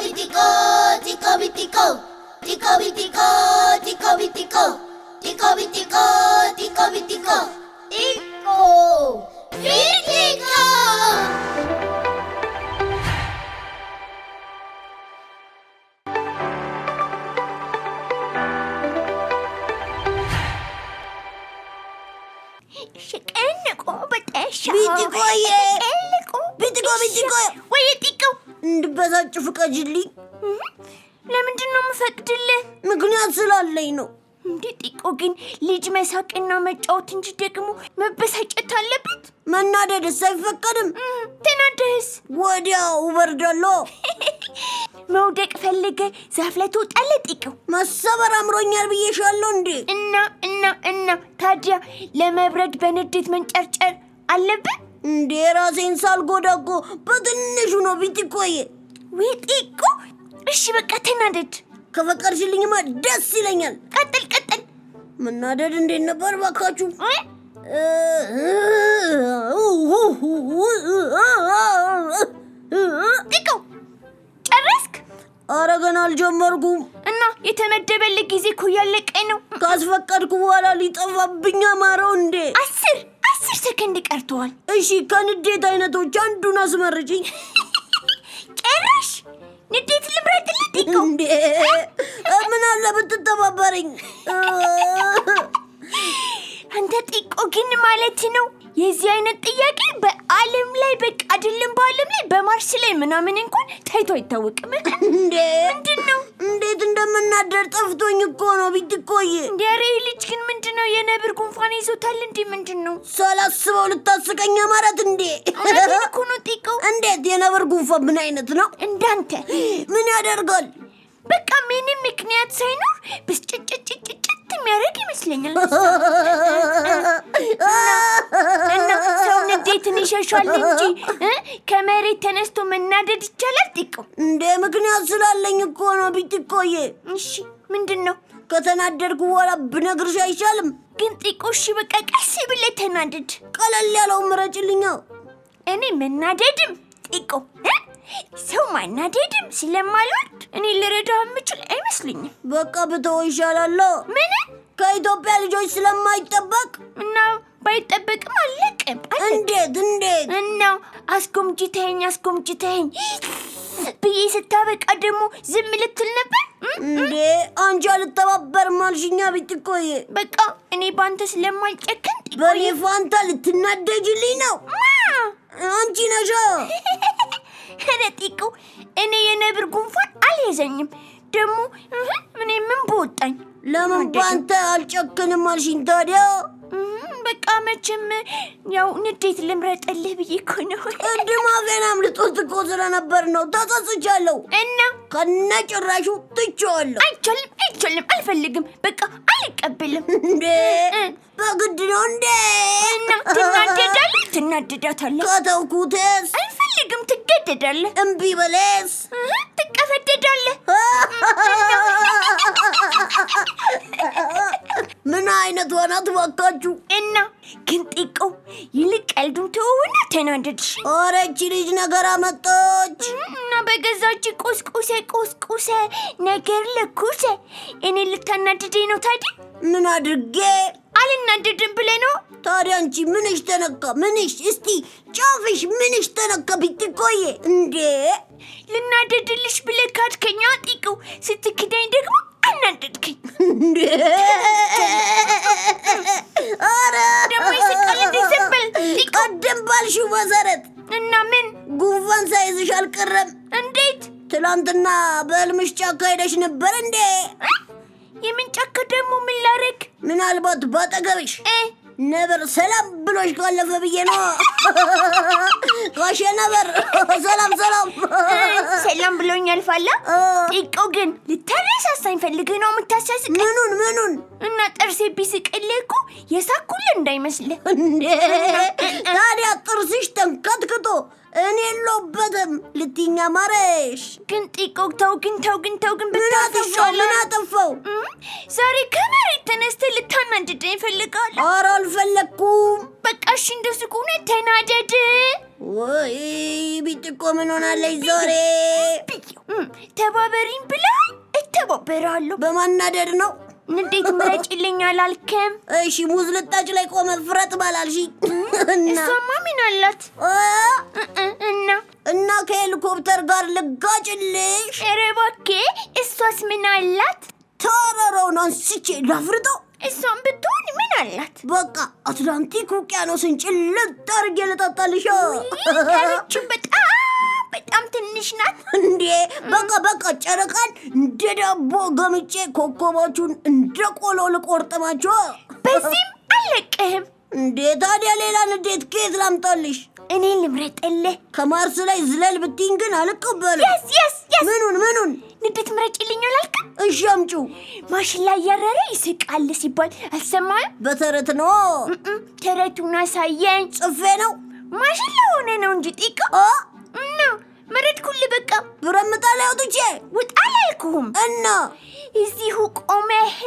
ビティコチコビティコチコビティコチコビティコチコビティコチコビティコイコビティコビティコイエビティコビティコ እንድበሳጭ ፍቀጅልኝ። ለምንድን ነው የምፈቅድልህ? ምክንያት ስላለኝ ነው። እንዴ ጢቆ ግን ልጅ መሳቅና መጫወት እንጂ ደግሞ መበሳጨት አለበት? መናደድስ አይፈቀድም። ተናደስ ወዲያው እበርዳለሁ። መውደቅ ፈልገ ዛፍ ላይ ትወጣለህ። ጢቀው መሰበር አምሮኛል ብዬሻለሁ እንዴ። እና እና እና ታዲያ ለመብረድ በንዴት መንጨርጨር አለበት? እንዴ ራሴን ሳልጎዳ እኮ በትንሹ ነው ቢትቆይ። ዊጢቁ እሺ በቃ ተናደድ። ከፈቀድሽልኝማ ደስ ይለኛል። ቀጥል ቀጥል። መናደድ እንዴት ነበር ባካችሁ? ጢቁ ጨረስክ? ኧረ ገና አልጀመርኩም። እና የተመደበልህ ጊዜ እኮ እያለቀኝ ነው። ካስፈቀድኩ በኋላ ሊጠፋብኝ አማረው እንዴ አስር አስር ሰከንድ ቀርተዋል። እሺ ከንዴት አይነቶች አንዱን አስመርጭኝ። ጭራሽ ንዴት ልምረት ልጥቀው። ምን አለ ብትተባበረኝ። አንተ ጢቆ ግን ማለት ነው የዚህ አይነት ጥያቄ በዓለም ላይ በቃ አይደለም በዓለም ላይ በማርስ ላይ ምናምን እንኳን ታይቶ አይታወቅም። ምንድን ነው እንዴት እንደምናደር ጠፍቶኝ እኮ ነው። ቢት ቆይ ልጅ ግን ምንድን ነው የነብር ጉንፋን ይዞታል እንዴ? ምንድን ነው ሳላስበው ልታስቀኝ ማለት እንዴ? እኮ ነው እንዴት የነብር ጉንፋን ምን አይነት ነው? እንዳንተ ምን ያደርጋል? በቃ ምንም ምክንያት ሳይኖር ብስጭጭጭጭጭት የሚያደርግ ይመስለኛል። ዘይትን ይሸሻል እንጂ ከመሬት ተነስቶ መናደድ ይቻላል። ጢቆ እንደ ምክንያት ስላለኝ እኮ ነው። ቢጢቆዬ እሺ፣ ምንድን ነው? ከተናደድኩ በኋላ ብነግርሽ አይሻልም? ግን ጢቆ እሺ፣ በቃ ቀስ ብለህ ተናደድ። ቀለል ያለው ምረጭልኛ። እኔ መናደድም ጢቆ ሰው ማናደድም ስለማልወድ እኔ ልረዳ የምችል አይመስለኝም። በቃ ብተወው ይሻላል። ምን ከኢትዮጵያ ልጆች ስለማይጠበቅ እንዴት እንዴት እናው አስጎምጅተኝ አስጎምጅተኝ ብዬ ስታበቃ ደግሞ ዝም ልትል ነበር እንዴ? አንቺ አልተባበርም አልሽኛ። ቢትቆይ በቃ እኔ በአንተ ስለማልጨክን በኔ ፋንታ ልትናደጅልኝ ነው አንቺ ነሻ። ኧረ ጢቁ፣ እኔ የነብር ጉንፋን አልያዘኝም። ደግሞ እኔ ምን በወጣኝ። ለምን በአንተ አልጨክንም አልሽኝ ታዲያ? በቃ መቼም ያው ንዴት ልምረጠልህ ብዬ እኮ ነው። ገና አምልጦት እኮ ስለነበር ነው። ተጸጽቻለሁ እና ከነ ጭራሹ ትቼዋለሁ። አይቻልም፣ አይቻልም፣ አልፈልግም፣ በቃ አልቀበልም። እንዴ በግድ ነው እንዴ? እና ትናደዳለህ፣ ትናደዳታለህ ከተውኩትስ ለመሄድም ትገደዳለህ። እምቢ በለስ ትቀፈደዳለህ። ምን አይነት ዋና ትባካችሁ እና ግን ጢቀው ይልቅ ቀልዱን ትሆነ ተናደድሽ። ኧረ ይቺ ልጅ ነገር አመጣች እና በገዛች ቁስቁሴ ቁስቁሴ ነገር ለኩሴ እኔ ልታናድደኝ ነው ታዲያ ምን አድርጌ አልናደድም ብለህ ነው? ታዲያ አንቺ ምንሽ ተነካ? ምንሽ እስቲ ጫፍሽ ምንሽ ተነካ? ቢትቆየ እንዴ ልናደድልሽ ብለህ ካድከኛ ጢቀው ስትክዳኝ ደግሞ አናደድክኝ እንዴ! ኧረ ደግሞ ይስቃል እንዴ! ዝም በል ቀደም ባልሽው መሰረት እና ምን ጉንፋን ሳይዝሽ አልቀረም። እንዴት ትላንትና በህልምሽ ጫካ ሄደሽ ነበር እንዴ? የምን ጫካ ደግሞ ምን ላረግ? ምናልባት ባጠገብሽ ነበር ሰላም ብሎሽ ካለፈ ብዬ ነው። ጋሼ ነበር ሰላም ሰላም ሰላም ብሎኝ ያልፋላ። ጢቆ ግን ልታነሳሳኝ ፈልገህ ነው የምታሳስቀኝ? ምኑን ምኑን? እና ጥርሴ ቢስቅልህ እኮ የሳኩል እንዳይመስል። ታዲያ ጥርስሽ ተንከትክቶ እኔ የለሁበትም ልትኛ ማረሽ። ግን ጢቆ ተው ግን ተው ግን ተው ግን ብታፈሻለ ምን አጠፋው? ዛሬ ከመሬት ተነስተህ ልታናድደኝ ይፈልጋል? ኧረ አልፈለግኩም። በቃ እሺ፣ እንደሱ ከሆነ ተናደድ። ወይ ቢጥቆ ምን ሆናለች? ዛሬ ተባበሪኝ ብላ እተባበራለሁ። በማናደድ ነው። እንዴት ምረጭልኝ አላልክም? እሺ ሙዝ ልጣጭ ላይ ቆመ ፍረጥ ባላልሽ። እሷማ ምን አላት እና እና ከሄሊኮፕተር ጋር ልጋጭልሽ። ኧረ እባክህ እሷስ ምን አላት? ተራራውን አንስቼ ላፍርጠው። እሷም ብትሆን ምን አላት? በቃ አትላንቲክ ውቅያኖስን ጭልጥ አድርጌ ልጠጣልሻ። ያለችው በጣም በጣም ትንሽ ናት እንዴ! በቃ በቃ ጨረቃን እንደ ዳቦ ገምጬ ኮከቦቹን እንደ ቆሎ ልቆርጥማቸው። በዚህም አለቅህም እንዴ! ታዲያ ሌላ ንዴት ከየት ላምጣልሽ? እኔ ልምረጥልህ። ከማርስ ላይ ዝለል ብትይኝ ግን አልቀበልም። ምኑን ምኑን ንዴት ምረጭልኝ አላልክም? እሺ አምጪው። ላይ ያረረ ይስቃል ሲባል አልሰማህም? በተረት ነው። ተረቱን አሳየኝ። ጽፌ ነው። ማሽን ለሆነ ነው እንጂ ጢቃ እና መረድኩልህ። በቃ ብረምጣ ላይ አውጥቼ ውጣ አላልኩህም? እና እዚሁ ቆመህ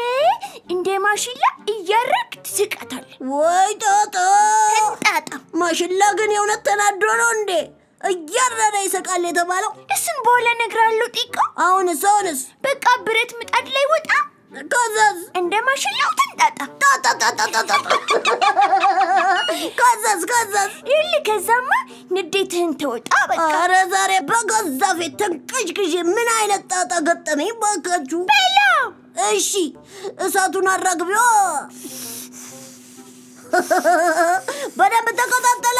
እንደ ማሽላ እያረግ ትስቃታለህ ወይ? ጣጣ ማሽላ ግን የእውነት ተናዶ ነው እንዴ? እያረረ ይሰቃል የተባለው እሱን በኋላ እነግርሃለሁ። ጢቆ አሁንስ አሁንስ በቃ ብረት ምጣድ ላይ ወጣ ከዛዝ እንደ ማሽላው ተንጣጣ ከዛዝ ከዛዝ ይል ከዛማ ንዴትህን ተወጣ። በቃ ኧረ ዛሬ በገዛ ፊት ተንቀዥቅዥ ምን አይነት ጣጣ ገጠመኝ ባካችሁ። በላ እሺ እሳቱን አራግቢዋ በደንብ ተቆጣጠለ።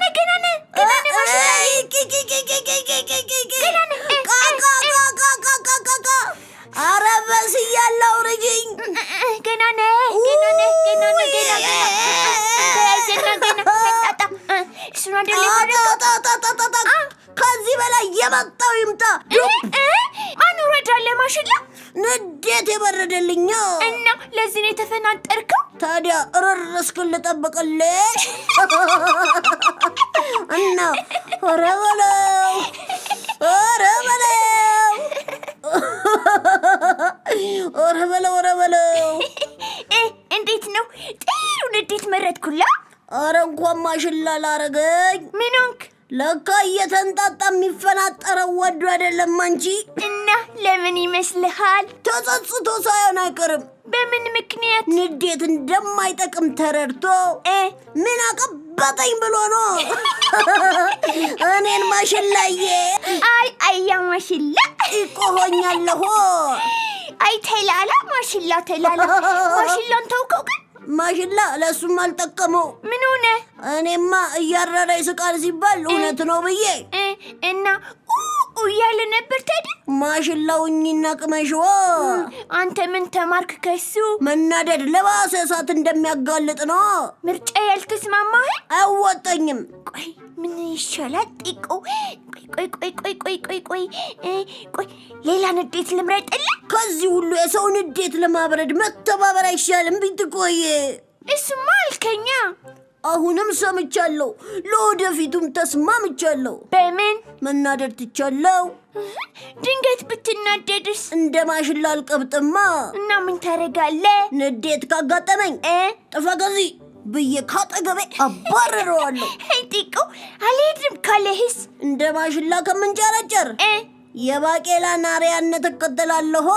አረ እንኳን ማሽላ ላረገኝ። ምኑንክ ለካ እየተንጣጣ የሚፈናጠረው ወዱ አይደለም አንቺ። እና ለምን ይመስልሃል? ተጸጽቶ ሳይሆን አይቀርም። በምን ምክንያት? ንዴት እንደማይጠቅም ተረድቶ ምን አቀበጠኝ ብሎ ነው እኔን ማሽላዬ። አይ አያ ማሽላ ይቆሆኛለሆ አይ ተላላ ማሽላ ተላላ ማሽላን ተውከው ግን ማሽላ ለእሱም አልጠቀመው። ምን ሆነ? እኔማ እያረረ ይስቃል ሲባል እውነት ነው ብዬ እና እያለ ነበር። ታዲያ ማሽላውኝና ቅመሽዋ አንተ ምን ተማርክ ከሱ? መናደድ ለባሰ እሳት እንደሚያጋልጥ ነው። ምርጫ ያልተስማማህ አያዋጣኝም። ቆይ ምን ይሻላል? ጢቆ ቆይ ቆይ ቆይ ቆይ ቆይ ቆይ ቆይ ሌላ ንዴት ልምረጥል ከዚህ ሁሉ የሰው ንዴት ለማብረድ መተባበር አይሻልም? ቢትቆይ እሱማ አልከኛ አሁንም ሰምቻለሁ፣ ለወደፊቱም ተስማምቻለሁ። በምን መናደድ ትቻለው? ድንገት ብትናደድስ? እንደ ማሽላ አልቀብጥማ። እና ምን ታደርጋለ? ንዴት ካጋጠመኝ ጥፋ ከዚህ ብዬ ካጠገቤ አባረረዋለሁ። ጢቁ አልሄድም ካለህስ? እንደ ማሽላ ከምንጨረጨር የባቄላ ናሪያነት እቀጥላለሁ።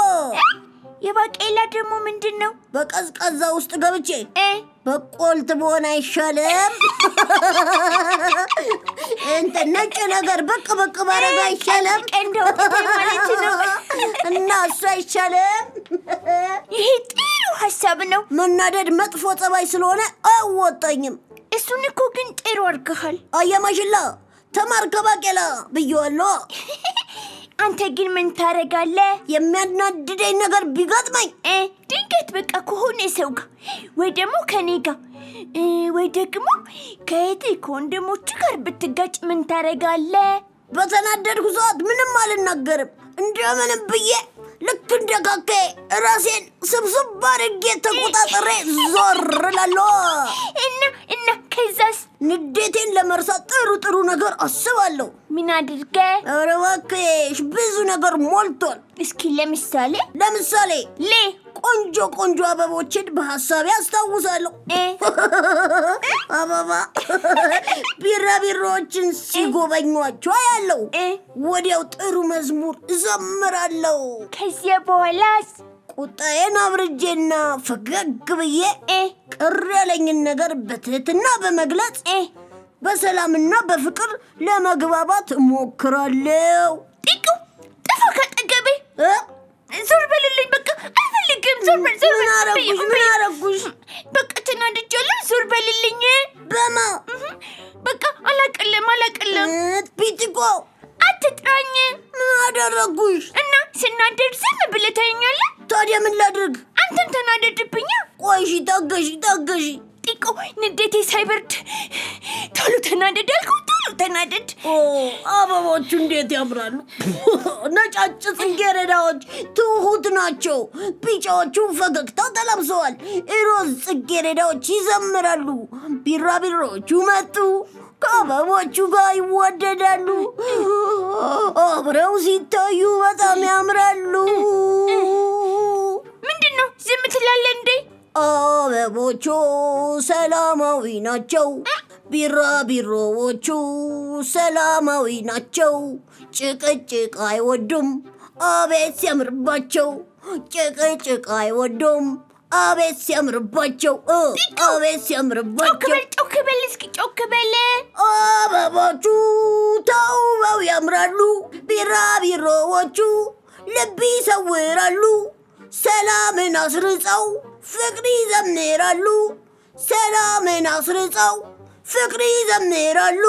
የባቄላ ደግሞ ምንድን ነው? በቀዝቃዛ ውስጥ ገብቼ በቆልት በሆን አይሻልም? እንተ ነጭ ነገር በቅ በቅ ማድረግ አይሻልም? እና እሱ አይሻልም? ይሄ ጥሩ ሀሳብ ነው። መናደድ መጥፎ ጸባይ ስለሆነ አወጣኝም። እሱን እኮ ግን ጥሩ አድርገሃል። አየማሽላ ተማርከባቄላ ብየዋለ አንተ ግን ምን ታደርጋለህ? የሚያናድደኝ ነገር ቢገጥመኝ ድንገት በቃ ከሆነ ሰው ጋር ወይ ደግሞ ከኔ ጋር ወይ ደግሞ ከየት ከወንድሞቹ ጋር ብትጋጭ ምን ታደርጋለህ? በተናደድኩ ሰዓት ምንም አልናገርም እንደምንም ብዬ ልክ እንደ ካኬ ራሴን ስብስብ አድርጌ ተቆጣጥሬ ዞር ላለ እና እና ከዛስ ንዴቴን ለመርሳት ጥሩ ጥሩ ነገር አስባለሁ። ምን አድርገ? ኧረ እባክሽ ብዙ ነገር ሞልቷል። እስኪ ለምሳሌ ለምሳሌ ሌ ቆንጆ ቆንጆ አበቦችን በሀሳብ ያስታውሳለሁ። አበባ ቢራቢሮዎችን ሲጎበኟቸው ያለው ወዲያው ጥሩ መዝሙር እዘምራለሁ። ከዚያ በኋላስ ቁጣዬን አብርጄና ፈገግ ብዬ ቅር ያለኝን ነገር በትህትና በመግለጽ በሰላምና በፍቅር ለመግባባት እሞክራለሁ። ጥፋ ከጠገቤ ዞር በልልኝ በቃ አልፈልግም። ዞር በል ዞር በል። ምን አረጉሽ? ምን አረጉሽ? በቃ ተናድጃለሁ። ዞር በልልኝ። በማ በቃ አላቅልም፣ አላቅልም። ቢትቆ አትጥራኝ። ምን አደረጉሽ? እና ስናደድ ዝም ብለህ ታየኛለህ። ታዲያ ምን ላድርግ? አንተም ተናደድብኛ። ቆይሽ፣ ታገሺ፣ ታገሺ። ጢቆ ንዴቴ ሳይበርድ ቶሎ ተናደድ አልኩት። አትናደድ። አበባዎቹ እንዴት ያምራሉ! ነጫጭ ጽጌረዳዎች ትሁት ናቸው። ቢጫዎቹ ፈገግታ ተላብሰዋል። ሮዝ ጽጌረዳዎች ይዘምራሉ። ቢራቢሮዎቹ መጡ። ከአበቦቹ ጋር ይወደዳሉ። አብረው ሲታዩ በጣም ያምራሉ። ምንድን ነው ዝም ትላለ እንዴ? አበቦቹ ሰላማዊ ናቸው። ቢራቢሮዎቹ ሰላማዊ ናቸው፣ ጭቅጭቅ አይወዱም። አቤት ሲያምርባቸው! ጭቅጭቅ አይወዱም። አቤት ሲያምርባቸው! አቤት ሲያምርባቸው! ጮክ በል እስኪ ጮክ በል። ተውበው ያምራሉ። ቢራቢሮዎቹ ልብ ይሰውራሉ። ሰላምን አስርጸው ፍቅር ይዘምራሉ። ሰላምን አስርጸው ፍቅሪ ዘምራሉ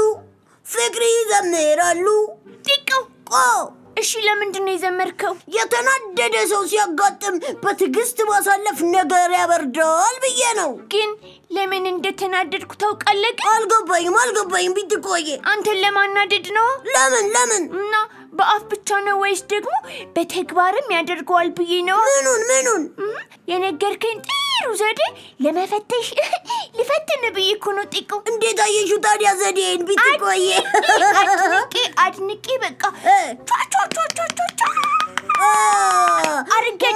ፍቅሪ ዘምራሉ ጢቀው እሺ፣ ለምንድን ነው የዘመርከው? የተናደደ ሰው ሲያጋጥም በትዕግስት ማሳለፍ ነገር ያበርደዋል ብዬ ነው። ግን ለምን እንደተናደድኩ ታውቃለህ? ግን አልገባኝም አልገባኝም። ቢትቆየ አንተን ለማናደድ ነው። ለምን ለምን እና በአፍ ብቻ ነው ወይስ ደግሞ በተግባርም ያደርገዋል ብዬ ነው። ምኑን ምኑን የነገርከኝ ጥሩ ዘዴ ለመፈተሽ ልፈትን ብዬ እኮ ነው። እንዴት አየሹ ታዲያ ዘዴን? ቢትቆየ አድንቄ አድንቄ በቃ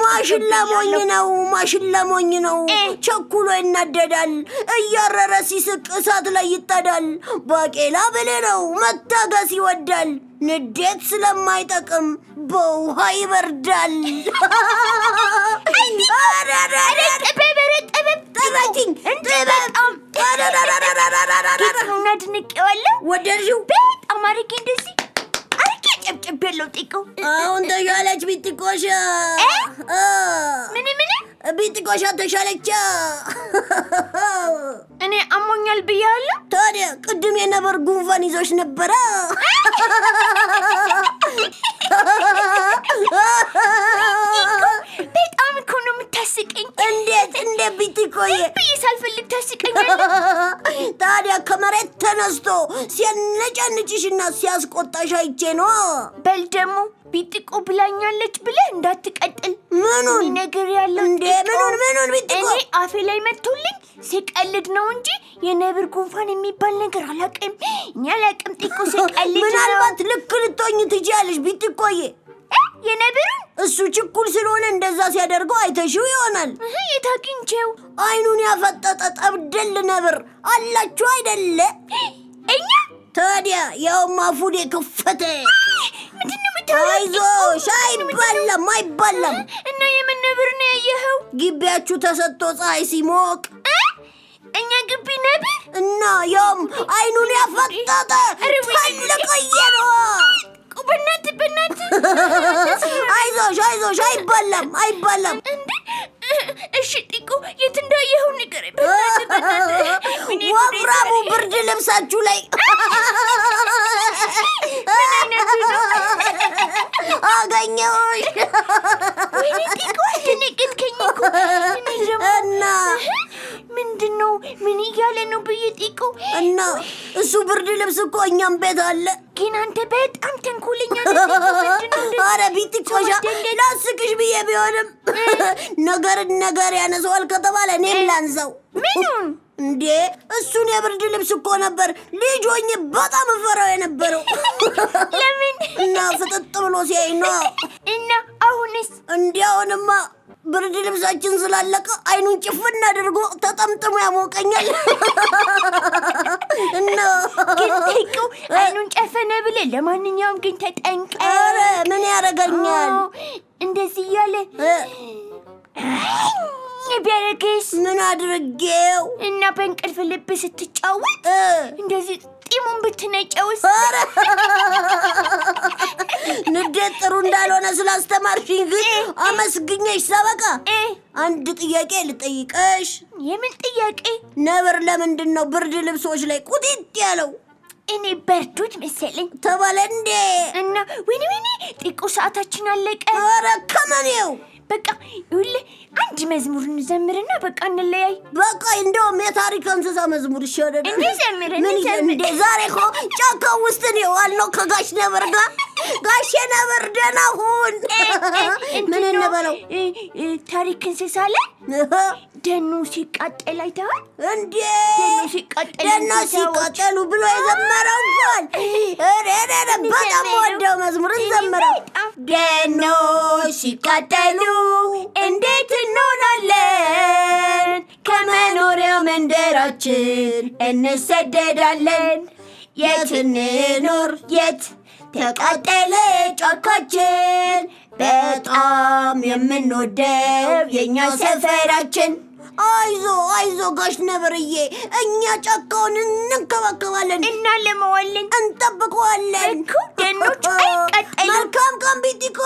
ማሽላ ሞኝ ነው፣ ማሽላ ሞኝ ነው። ቸኩሎ ይናደዳል፣ እያረረ ሲስቅ እሳት ላይ ይጠዳል። ባቄላ ብልህ ነው፣ መታገስ ይወዳል። ንዴት ስለማይጠቅም በውሃ ይበርዳል። ጠበችኝ በጣም አድንቄዋለሁ። ወደድሽው? በጣም አድርጌ እንደዚህ አጨብጨብ ያለው ጢቆ አሁን ተሻለች ቢጥቆሻ። ምን ምን ቢጥቆሻ ተሻለች። እኔ አሞኛል ብያለሁ። ታዲያ ቅድም የነበር ጉንፋን ይዞች ነበረ። እንዴት እንደ ቢትኮዬ ብዬ ሳልፈልግ ታስቀኛለህ። ታዲያ ከመሬት ተነስቶ ሲያነጫንጭሽና ሲያስቆጣሽ አይቼ ነው። በል ደግሞ ቢጥቆ ብላኛለች ብለህ እንዳትቀጥል። ምኑን ነገር ያለው እንዴ? ምኑን ምኑን ቢጥቆ? እኔ አፌ ላይ መጥቶልኝ ስቀልድ ነው እንጂ የነብር ጉንፋን የሚባል ነገር አላቅም። እኔ አላቅም። ጢቆ ስቀልድ ምናልባት ልክ ልትሆኝ ትችያለሽ ቢጥቆዬ የነብርን እሱ ችኩል ስለሆነ እንደዛ ሲያደርገው አይተሽው ይሆናል። የት አግኝቼው? አይኑን ያፈጠጠ ጠብደል ነብር አላችሁ አይደለ? እኛ ታዲያ ያውም አፉን የከፈተ አይዞሽ፣ አይባላም አይባላም። እና የምን ነብር ነው ያየኸው? ግቢያችሁ ተሰጥቶ ፀሐይ ሲሞቅ እኛ ግቢ ነብር እና ያውም አይኑን ያፈጠጠ ታልቀየ ነው በእናት በእናት አይዞሽ አይዞሽ፣ አይባላም አይባላም። እንዴ እሺ፣ ጢቁ የት እንዳየኸው ንገረኝ። ወፍራሙ ብርድ ልብሳችሁ ላይ አገኘሁሽ እና ምንድን ነው ምን እያለ ነው ብዬ ጢቁ እና እሱ ብርድ ልብስ እኮ እኛም ቤት አለ ግን አንተ በጣም ተንኮለኛ አረ ቢት ላስቅሽ ብዬ ቢሆንም ነገርን ነገር ያነሰዋል ከተባለ እኔም ላንሰው። ምኑን እንዴ? እሱን የብርድ ልብስ እኮ ነበር ልጅ ሆኜ በጣም እፈራው የነበረው። ለምን? እና ፍጥጥ ብሎ ሲያይ ነው። እና አሁንስ? እንዲ አሁንማ ብርድ ልብሳችን ስላለቀ አይኑን ጭፍን አድርጎ ተጠምጥሞ ያሞቀኛል። ግንጠቀው አይኑን ጨፈነ ብለ ለማንኛውም ግን ተጠንቀ። ኧረ ምን ያደርገኛል? እንደዚህ እያለ ቢያደርግስ? ምን አድርጌው እና በእንቅልፍ ልብ ስትጫወት እንደዚህ ጢሙን ብትነጨውስ? ኧረ ንዴት ጥሩ እንዳልሆነ ስላስተማርሽኝ ግን አመስግኘሽ ሰበቃ አንድ ጥያቄ ልጠይቀሽ። የምን ጥያቄ? ነብር ለምንድን ነው ብርድ ልብሶች ላይ ቁጢጥ ያለው? እኔ በርዱት መሰለኝ ተባለ እንዴ? እና ወይኔ ወይኔ፣ ጥቁ ሰዓታችን አለቀ። ኧረ ከመኔው በቃ ይኸውልህ አንድ መዝሙር እንዘምርና በቃ እንለያይ። በቃ እንደውም የታሪክ እንስሳ መዝሙር ይሻላል። እንዘምር እንዘምር። ዛሬ እኮ ጫካ ውስጥ ነው የዋልነው ከጋሽ ነበር ጋር። ጋሽ ነበር ደህና ሁን። ምን እንበለው ታሪክ እንስሳ ላይ ደኑ ሲቃጠል አይተዋል እንዴ? ደኑ ሲቃጠሉ ብሎ የዘመረው ባል በጣም ወደው መዝሙር እንዘምረው ደኖ ሲቃጠሉ እንዴት እንሆናለን? ከመኖሪያ መንደራችን እንሰደዳለን። የት እንኖር የት ተቃጠለ ጫካችን፣ በጣም የምንወደው የእኛ ሰፈራችን። አይዞ አይዞ ጋሽ ነብርዬ፣ እኛ ጫካውን እንንከባከባለን፣ እናለመዋለን፣ እንጠብቀዋለን። ደኖች አይቃጠሉ። መልካም ቀን ቢቲኮ